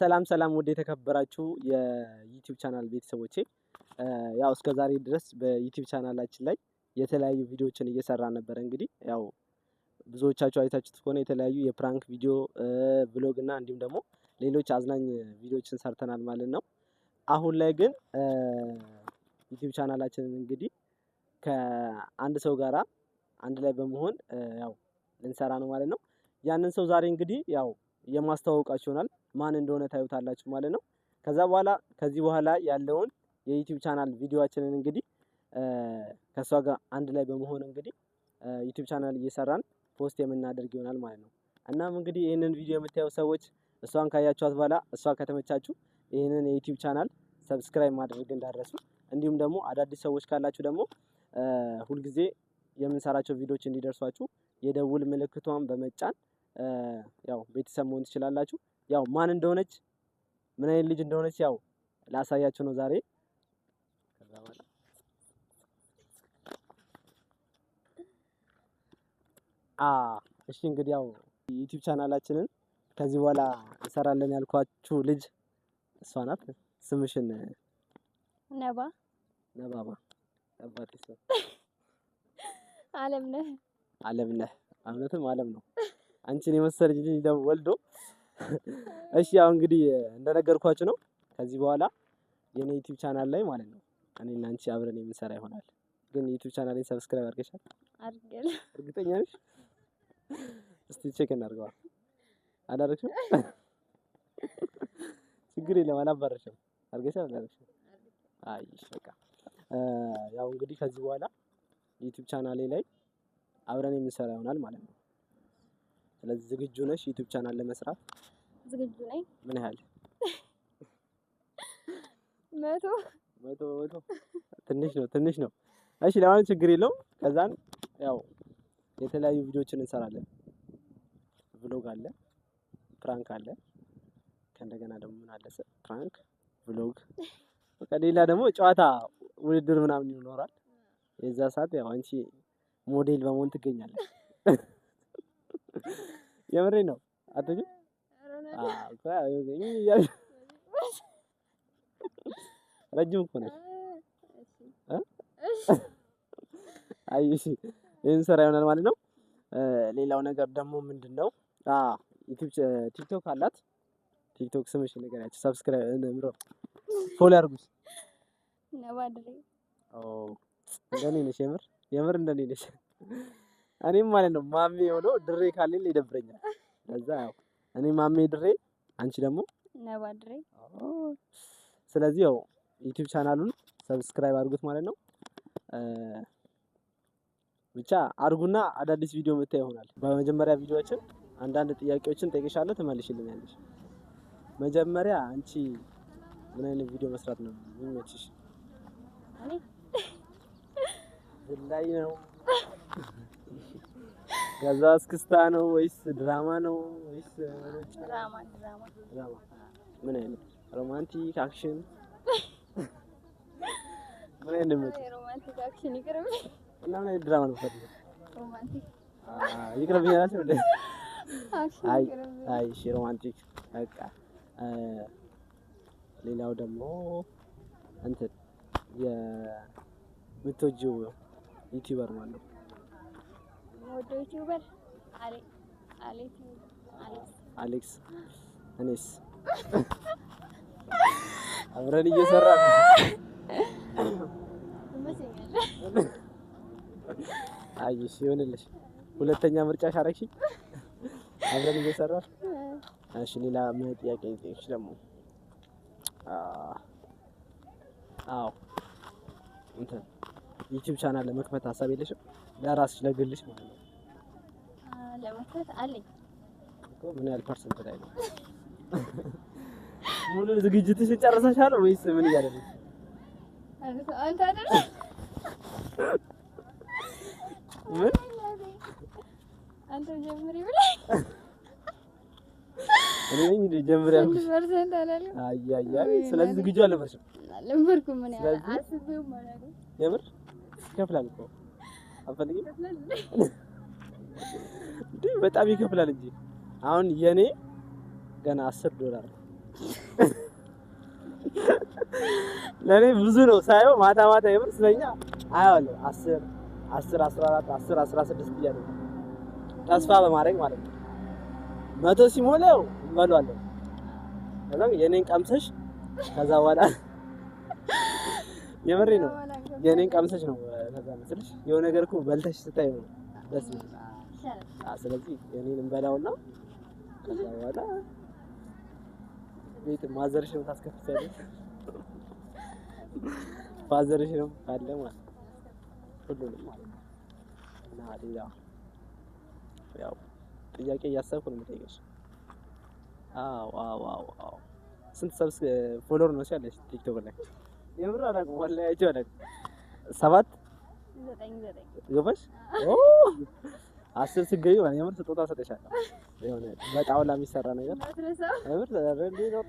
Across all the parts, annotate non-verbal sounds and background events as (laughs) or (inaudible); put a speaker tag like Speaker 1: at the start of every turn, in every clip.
Speaker 1: ሰላም ሰላም ውድ የተከበራችሁ የዩቲዩብ ቻናል ቤተሰቦቼ፣ ያው እስከ ዛሬ ድረስ በዩቲዩብ ቻናላችን ላይ የተለያዩ ቪዲዮዎችን እየሰራ ነበረ እንግዲህ ያው ብዙዎቻችሁ አይታችሁት ከሆነ የተለያዩ የፕራንክ ቪዲዮ ብሎግ እና እንዲሁም ደግሞ ሌሎች አዝናኝ ቪዲዮዎችን ሰርተናል ማለት ነው። አሁን ላይ ግን ዩቲዩብ ቻናላችንን እንግዲህ ከአንድ ሰው ጋራ አንድ ላይ በመሆን ያው ልንሰራ ነው ማለት ነው። ያንን ሰው ዛሬ እንግዲህ ያው የማስተዋወቃችሁ ይሆናል። ማን እንደሆነ ታዩታላችሁ ማለት ነው። ከዛ በኋላ ከዚህ በኋላ ያለውን የዩቲዩብ ቻናል ቪዲዮችንን እንግዲህ ከእሷ ጋር አንድ ላይ በመሆን እንግዲህ ዩቲዩብ ቻናል እየሰራን ፖስት የምናደርግ ይሆናል ማለት ነው። እናም እንግዲህ ይህንን ቪዲዮ የምታዩ ሰዎች እሷን ካያችኋት በኋላ እሷ ከተመቻችሁ ይህንን የዩቲዩብ ቻናል ሰብስክራይብ ማድረግ እንዳረሱ፣ እንዲሁም ደግሞ አዳዲስ ሰዎች ካላችሁ ደግሞ ሁልጊዜ የምንሰራቸው ቪዲዮዎች እንዲደርሷችሁ የደውል ምልክቷን በመጫን ያው ቤተሰብ መሆን ትችላላችሁ። ያው ማን እንደሆነች ምን አይነት ልጅ እንደሆነች ያው ላሳያችሁ ነው ዛሬ። እሺ እንግዲህ ያው ዩቲዩብ ቻናላችንን ከዚህ በኋላ እንሰራለን ያልኳችሁ ልጅ እሷ ናት። ስምሽን ነባ ነባባ አባቴ (laughs) አለም ነህ አለም ነህ እውነትም አለም ነው። አንቺን የመሰለች ልጅ ወልዶ። እሺ ያው እንግዲህ እንደነገርኳችሁ ነው። ከዚህ በኋላ የኔ ዩቲዩብ ቻናል ላይ ማለት ነው እኔና አንቺ አብረን የምንሰራ ይሆናል። ግን ዩቲዩብ ቻናሌን ሰብስክራይብ አድርገሻል? እርግጠኛ ነሽ? እስቲ ቼክ እናድርገዋል። አላደረግሽም? ችግር የለም አላባረርሽም። አድርገሻል? አላደረግሽም? አይ በቃ ያው እንግዲህ ከዚህ በኋላ ዩቲዩብ ቻናሌ ላይ አብረን የምንሰራ ይሆናል ማለት ነው። ስለዚህ ዝግጁ ነሽ ዩቲዩብ ቻናል ለመስራት? ዝግጁ ነኝ። ምን ያህል? መቶ መቶ መቶ። ትንሽ ነው ትንሽ ነው። እሺ ለማን ችግር የለውም። ከዛን ያው የተለያዩ ቪዲዮዎችን እንሰራለን። ብሎግ አለ፣ ፕራንክ አለ፣ ከእንደገና ደግሞ ምን አለ? ፕራንክ፣ ቭሎግ በቃ ሌላ ደግሞ ጨዋታ ውድድር ምናምን ይኖራል። የዛ ሰዓት ያው አንቺ ሞዴል በመሆን ትገኛለች። የምሬ ነው። አትችም ረጅም እኮ ነች። አይ እሺ፣ ይህን ስራ ይሆናል ማለት ነው። ሌላው ነገር ደግሞ ምንድን ነው ቲክቶክ አላት። ቲክቶክ ስምሽ ንገሪያቸው። ሰብስክራይብ ምሮ ፎሎ ያርጉሽ። እንደኔ ነሽ የምር የምር እንደኔ ነሽ። እኔም ማለት ነው ማሜ የሆነው ድሬ ካሌል ይደብረኛል። ለዛ ያው እኔ ማሜ ድሬ፣ አንቺ ደግሞ ነባ ድሬ። ስለዚህ ያው ዩቲዩብ ቻናሉን ሰብስክራይብ አድርጉት ማለት ነው። ብቻ አድርጉና አዳዲስ ቪዲዮ መታ ይሆናል። በመጀመሪያ ቪዲዮችን አንዳንድ ጥያቄዎችን ጠይቅሻለሁ፣ ትመልሽልኛለሽ። መጀመሪያ አንቺ ምን አይነት ቪዲዮ መስራት ነው የሚመችሽ? ላይ ነው ከዛ እስክስታ ነው ወይስ ድራማ ነው ወይስ ድራማ? ድራማ ድራማ። ምን አይነት ሮማንቲክ አክሽን? ምን አይነት
Speaker 2: ሮማንቲክ አክሽን? ይቅርብኝ
Speaker 1: እና ምን አይነት ድራማ ነው የምትፈልገው? ሮማንቲክ ይቅርብኝ አላችሁ እንዴ? አይ አይ፣ እሺ ሮማንቲክ በቃ። ሌላው ደግሞ እንትን የምትወጂው ዩቲዩበር ማለት ነው
Speaker 2: የምትወደው ዩቲዩበር?
Speaker 1: አሌክስ። እኔስ (laughs) አብረን እየሰራ አይሽ ይሆንልሽ። ሁለተኛ ምርጫ አረግሽ አብረን እየሰራ እሺ። ሌላ ምን ጥያቄ ልጠይቅሽ ደግሞ? አዎ እንትን ዩቲዩብ ቻናል ለመክፈት ሀሳብ የለሽም? ለራስሽ ለግልሽ ማለት ነው አለኝ ምን ያህል ፐርሰንት ላይ ነው? (laughs) ሙሉ ዝግጅትሽ ጨርሰሻል ወይስ ምን እያደረግሽ?
Speaker 2: አንተ አይደለ ምን አንተ ጀምሪ ብለህ
Speaker 1: እኔ ጀምሪ
Speaker 2: ፐርሰንት አላለኝ።
Speaker 1: አይ ስለዚህ ዝግጁ አልነበርሽም። ምን የምር በጣም ይከፍላል እንጂ አሁን የኔ ገና አስር ዶላር (laughs) ለኔ ብዙ ነው ሳየው፣ ማታ ማታ የምር ስለኛ አየዋለሁ። 10 10 14 10 16 አስራ ተስፋ በማድረግ ማለት ነው። መቶ ሲሞላው እንበሏለን። ከዛም የኔን ቀምሰሽ ከዛ በኋላ የምሬ ነው የኔን ቀምሰሽ ነው። ከዛ መስልሽ የሆነ ነገር እኮ በልተሽ ስታይ ነው ደስ ይላል። ስለዚህ እኔን እንበላውና ከዛ በኋላ ቤት ማዘርሽን ታስከፍቻለሽ። ካለ ማለት ሁሉንም ማለት እና ሌላ ያው ጥያቄ እያሰብኩ ነው የምጠይቀሽ። አዎ አዎ አዎ አዎ። ስንት ሰብስ ፎሎወር ነው ቲክቶክ ላይ? የምር አላውቅም ወላሂ አይቼው አላውቅም። ሰባት
Speaker 2: ዘጠኝ ዘጠኝ
Speaker 1: ገባሽ? አስር ስገቢ ማለት የምር ስጦታ ሰጠሻለሁ። የሆነ በጣውላ የሚሰራ ነገር የምር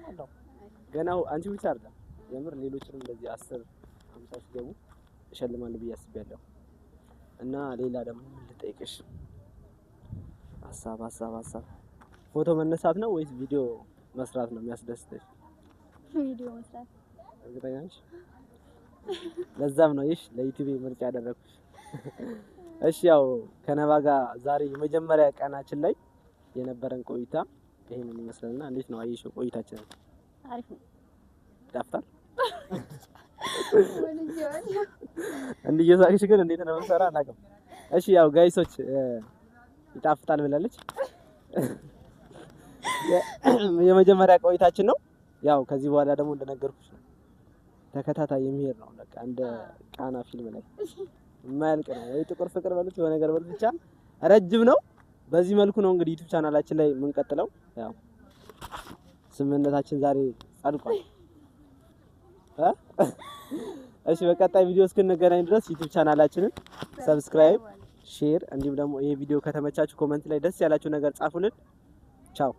Speaker 1: ገና አንቺ ብቻ አይደለም የምር ሌሎችንም እንደዚህ አስር ሀምሳ ሲገቡ እሸልማለሁ ብዬ አስቤያለሁ። እና ሌላ ደግሞ ምን ልጠይቅሽ? ሀሳብ ሀሳብ ሀሳብ ፎቶ መነሳት ነው ወይስ ቪዲዮ መስራት ነው የሚያስደስተሽ?
Speaker 2: ቪዲዮ መስራት።
Speaker 1: እርግጠኛ ነሽ? ለዛም ነው ይሽ ለዩቲዩብ ምርጫ ያደረኩሽ። እሺ ያው ከነባ ጋር ዛሬ የመጀመሪያ ቀናችን ላይ የነበረን ቆይታ ይሄንን ይመስላልና፣ እንዴት ነው አየሽ? ቆይታችን አሪፍ ነው። ጣፍጣል እንዴ? የዛሬሽ ግን እንዴት ነው ሰራ አናውቅም። እሺ ያው ጋይሶች ይጣፍጣል ብላለች። የመጀመሪያ ቆይታችን ነው። ያው ከዚህ በኋላ ደግሞ እንደነገርኩሽ ተከታታይ የሚሄድ ነው። በቃ እንደ ቃና ፊልም ላይ የማያልቅ ነው። ወይ ጥቁር ፍቅር በሉት የሆነ ነገር በሉት ብቻ ረጅም ነው። በዚህ መልኩ ነው እንግዲህ ዩቲዩብ ቻናላችን ላይ የምንቀጥለው። ያው ስምምነታችን ዛሬ ጸድቋል። እሺ፣ በቀጣይ ቪዲዮ እስክንገናኝ ድረስ ዩቲዩብ ቻናላችንን ሰብስክራይብ፣ ሼር እንዲሁም ደግሞ ይሄ ቪዲዮ ከተመቻችሁ ኮመንት ላይ ደስ ያላችሁ ነገር ጻፉልን። ቻው